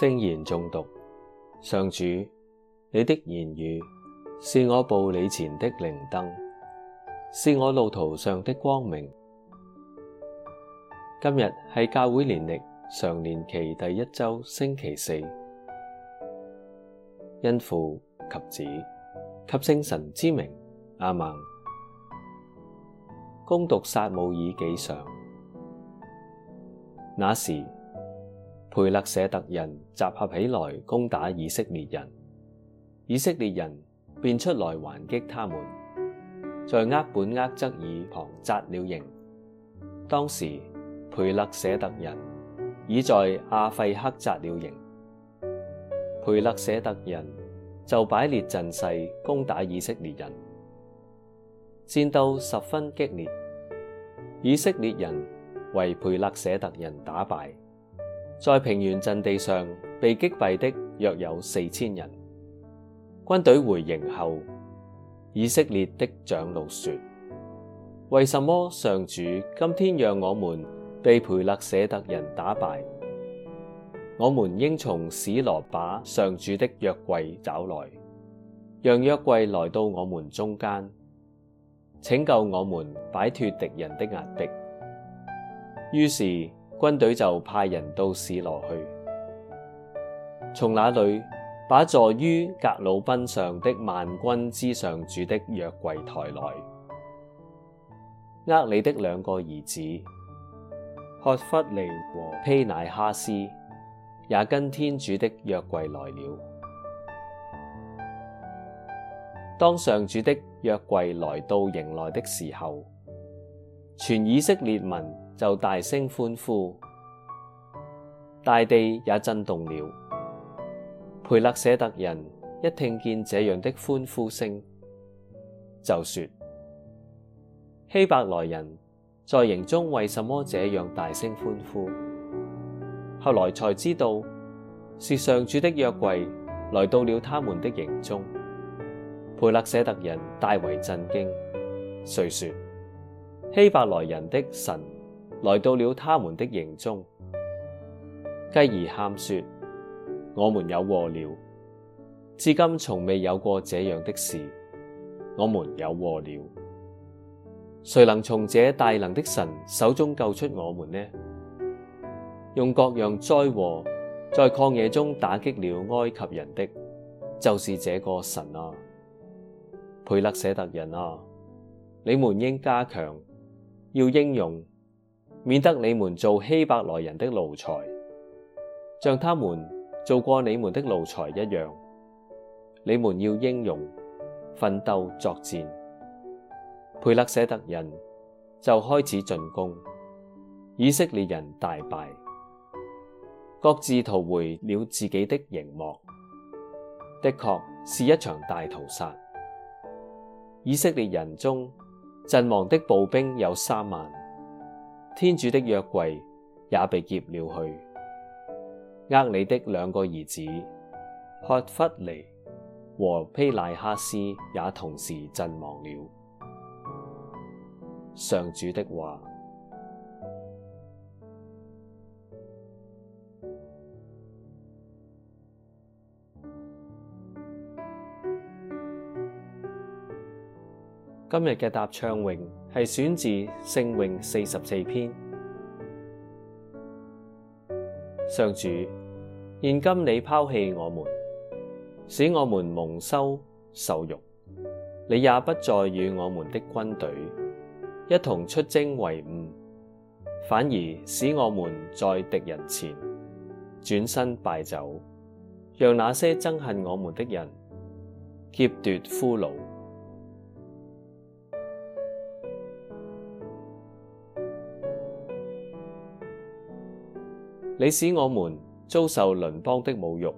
聖言誦讀。上主，你的言語是我步履前的靈燈，是我路途上的光明。今日係教會年曆常年期第一周星期四，因父及子及聖神之名，阿們，恭讀撒慕爾紀上，那時。.培肋舍特人集合起來攻打以色列人，以色列人便出來還擊他們，在厄本厄則爾旁紮了營。當時培肋舍特人已在阿費克紮了營，培肋舍特人，人就擺列陣勢攻打以色列人，戰鬥十分激烈，以色列人為培肋舍特人打敗。在平原陣地上被擊斃的約有四千人。軍隊回營後，以色列的長老說：為什麼上主今天讓我們被培肋舍特人打敗？我們應從史羅把上主的約櫃找來，讓約櫃來到我們中間，拯救我們擺脫敵人的壓迫。於是。軍隊就派人到史羅去，從那裏把坐於革魯賓上的萬軍之上主的約櫃抬來。厄里的兩個兒子，曷弗尼和丕乃哈斯，也跟天主的約櫃來了。當上主的約櫃來到營內的時候，全以色列民。就大聲歡呼，大地也震動了。培肋舍特人一聽見這樣的歡呼聲，就說希伯來人在營中為什麼這樣大聲歡呼？後來才知道是上主的約櫃來到了他們的營中。培肋舍特人大為震驚，遂說希伯來人的神。來到了他們的營中，繼而喊說：我們有禍了，至今從未有過這樣的事。我們有禍了，誰能從這大能的神手中救出我們呢？用各樣災禍在曠野中打擊了埃及人的，就是這個神啊，培肋舍特人啊，你們應加強，要英勇。免得你們做希伯來人的奴才，像他們做過你們的奴才一樣。你們要英勇，奮鬥作戰。培肋舍特人就開始進攻，以色列人大敗，各自逃回了自己的營幕。的確是一場大屠殺。以色列人中陣亡的步兵有三萬。天主的約櫃也被劫了去，厄里的兩個兒子，曷弗尼和丕乃哈斯也同時陣亡了。上主的話。今日嘅答唱詠，係選自聖詠四十四篇。上主，現今你拋棄我們，使我們蒙羞受辱。你也不再與我們的軍隊一同出征為伍，反而使我們在敵人前轉身敗走，讓那些憎恨我們的人劫奪俘虜。你使我們遭受鄰邦的侮辱，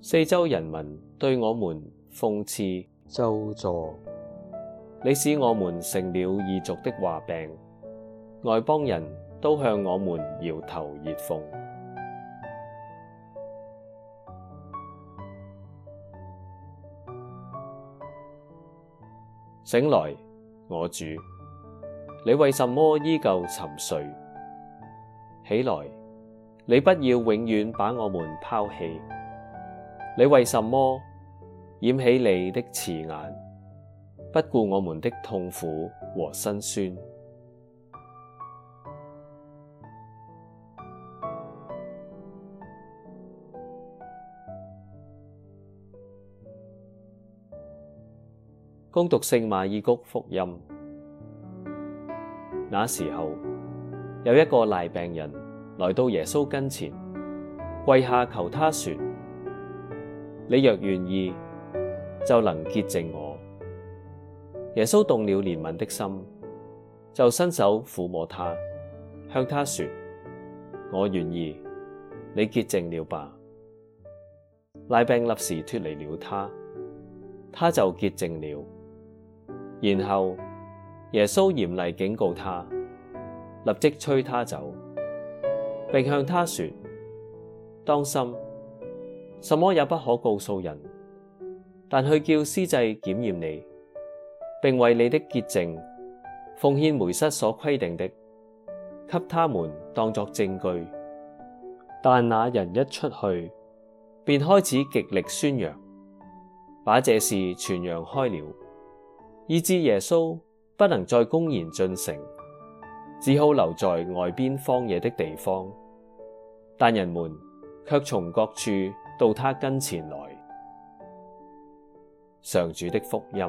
四周人民對我們諷刺咒詛。你使我們成了異族的話柄，外邦人都向我們搖頭熱諷。醒來！我主，你為什麼依舊沉睡？起來！你不要永遠把我們拋棄，你為什麼掩起你的慈顏，不顧我們的痛苦和辛酸？恭讀聖馬爾谷福音，那時候有一個癩病人。來到耶穌跟前，跪下求他說：你若願意，就能潔淨我。耶穌動了憐憫的心，就伸手撫摸他，向他說：我願意，你潔淨了吧。癩病立時脫離了他，他就潔淨了。然後耶穌嚴厲警告他，立即催他走。並向他說：當心，什麼也不可告訴人，但去叫司祭檢驗你，並為你的潔淨奉獻梅瑟所規定的，給他們當作證據。但那人一出去，便開始極力宣揚，把這事傳揚開了，以致耶穌不能再公然進城，只好留在外邊荒野的地方。但人們卻從各處到他跟前來。上主的福音。